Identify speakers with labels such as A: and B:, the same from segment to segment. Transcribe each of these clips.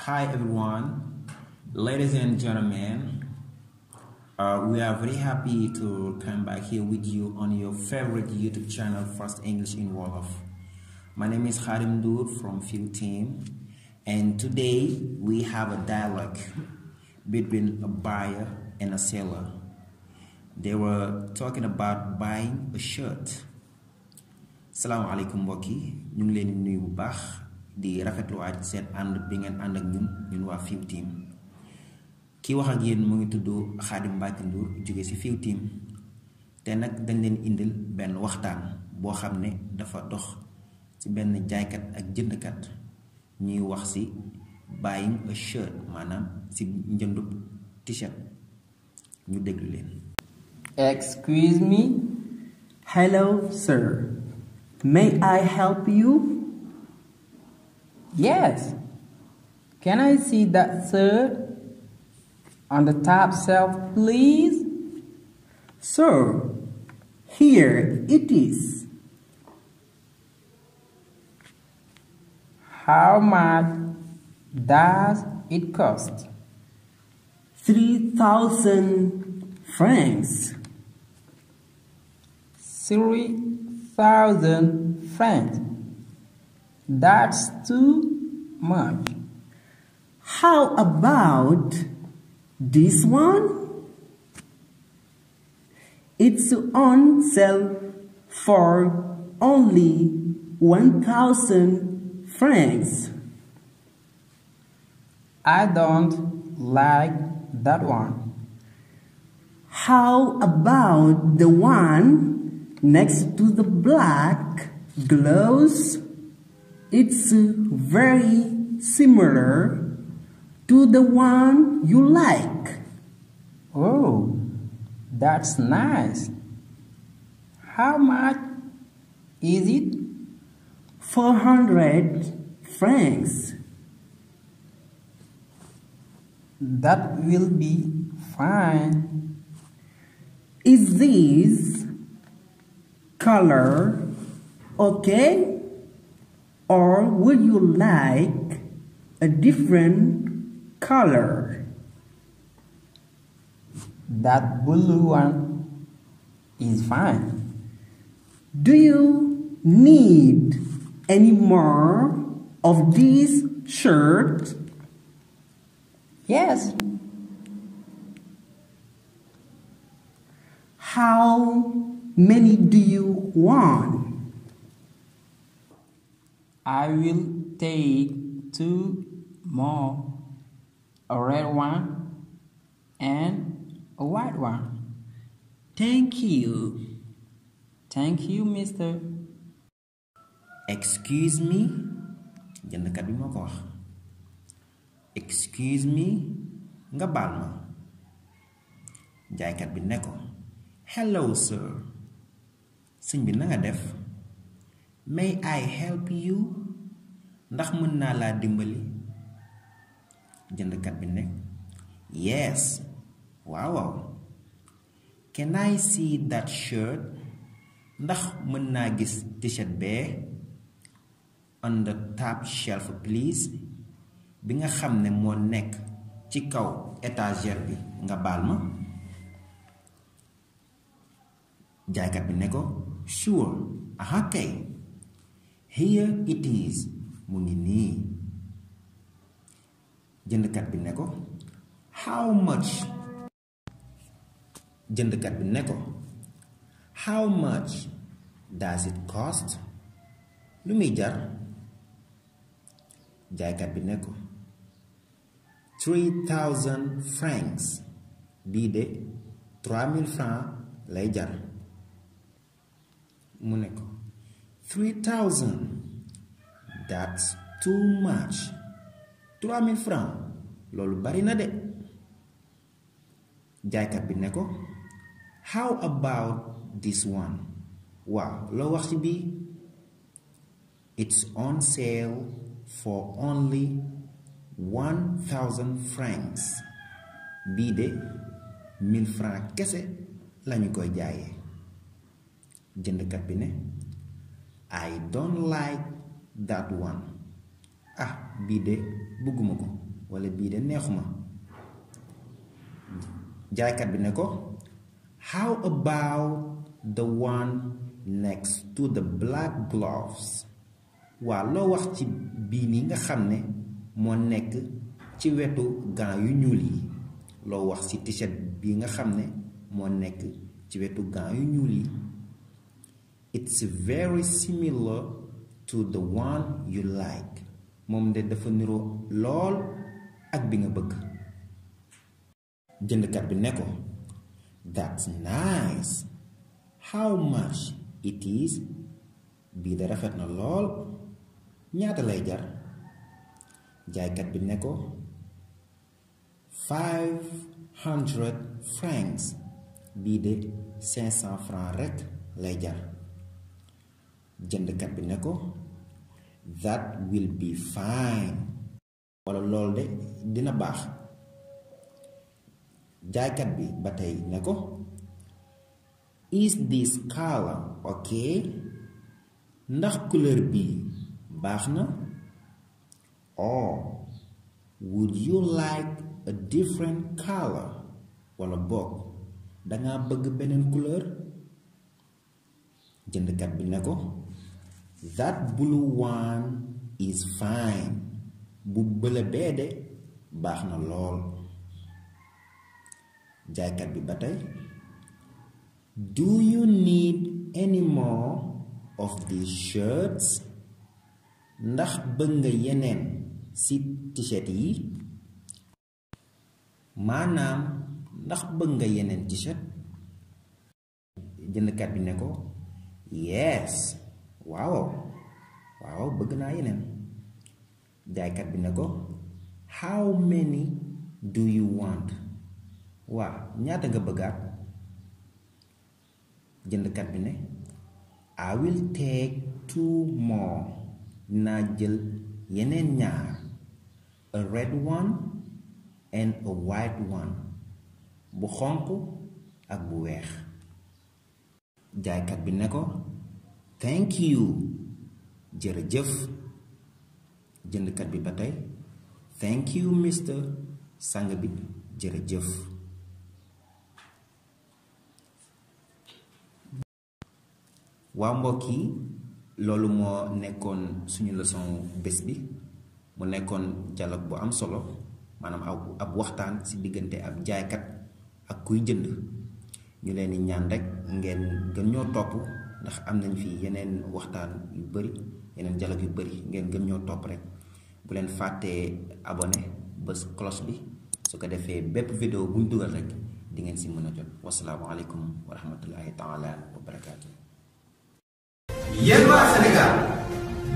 A: Hi everyone, ladies and gentlemen. Uh, we are very happy to come back here with you on your favorite YouTube channel, First English in Wolof. My name is Harim Doud from Field Team, and today we have a dialogue between a buyer and a seller. They were talking about buying a shirt. Salaamaaleykum mbokk yi ñu ngi leen di nuyu bu baax. di rafetlu seen ànd bi ngeen ànd ak ñun ñun waa Fiiw Team ki wax ak yéen mu ngi tuddoo Xaadim Mbacke jóge ci Fiiw Team te nag dañ leen indil benn waxtaan boo xam ne dafa dox ci benn jaaykat ak jëndkat ñuy wax ci buying a shirt maanaam ci njëndub t-shirt
B: ñu déglu leen. Excuse me. Hello, sir. May I help you? Yes. Can I see that shirt on the top shelf, please? Sir, here it is. How much does it cost? 3,000 francs. 3,000 francs. That's two much. How about this one? It's on sale for only 1,000 francs. I don't like that one. How about the one next to the black gloves? It's very similar to the one you like. Oh, that's nice. How much is it? 400 francs. That will be fine. Is this color okay? Or would you like a different color? That blue is fine. Do you need any more of these shirts? Yes. How many do you want? I will take two more a red one and a white one. Thank you. Thank you, mister. Excuse me. jëndkat
A: bi ma ko wax. Excuse me. nga baal ma. jaaykat bi ne ko. hello sir. sëñ bi na def. may I
B: help you
A: ndax mën naa laa dimbali jëndkat bi ne yes waaw waaw can I see that shirt ndax mën naa gis t-shirt bee on the shelf please bi nga xam ne moo nekk ci kaw étagère bi nga baal ma jaaykat bi ne ko sure aha kay here it is mu ngi nii jëndkat bi ne ko how much jëndkat bi ne ko how much does it cost lu muy jar jaaykat bi ne ko three thousand francs bii de trois mille francs lay jar mu ne ko 3000 that's too much 3000 francs loolu bari na de jaaykat bi ne ko how about this one waaw loo wax ci bii it's on sale for only 1000 francs bii de 1000 francs kese lañu koy jaaye jëndkat bi ne I don't like that one ah bii de bëgguma ko walla bii de neexuma jaaykat bi ne ko how about the one next to the black gloves waa loo wax ci bii nii nga xam ne moo nekk ci wetu gants yu ñuul yi loo wax ci t-shirt bii nga xam ne moo nekk ci wetu gants yu ñuul yi it's very similar to the one you like moom de dafa niroo lool ak bi nga bëgg jëndkat bi ne ko that's nice how much it is bii de rafet na lool ñaata lay jar jaaykat bi ne ko five hundred francs bii de cinq cent francs rekk lay jar jëndkat bi ne ko that will be fine walla lool de dina baax jaaykat bi ba tey ne ko is this color okay ndax couleur bi baax na or oh, would you like a different color wala boog danga bëgg beneen couleur jëndkat bi ne ko that blue one is fine bu bëla bee de baax na lool jaaykat bi ba tey do you need any more of these shirts ndax bëgg nga yeneen ci t-shirt yi maanaam ndax bëgg nga yeneen t-shirt jëndkat bi ne ko yes waaw waaw bëgg naa yeneen jaaykat bi ne ko how many do you want waaw ñaata nga bëggaat jëndkat bi ne I will take two more naa jël yeneen ñaar a red one and a white one bu xonq ak bu weex jaaykat bi ne ko thank you jërëjëf jëndkat bi ba tey thank you mister sang bi jërëjëf waa mbokk yi loolu moo nekkoon suñu leçon bés bi mu nekkoon dialogue bu am solo maanaam aw ab waxtaan ci diggante ab jaaykat ak kuy jënd ñu leen di ñaan rek ngeen gën ñoo topp ndax am nañ fi yeneen waxtaan yu bëri yeneen dialogue yu bëri ngeen gën ñoo topp rek bu leen fàttee abone bës cloche bi su ko defee bépp vidéo buñ dugal rek di ngeen si mën a jot wasalaamaaleykum wa rahmatullahi taala wa barakaatu. yéen waa Sénégal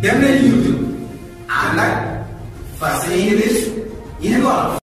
A: dem leen YouTube ànd ak fas yéene yéen waa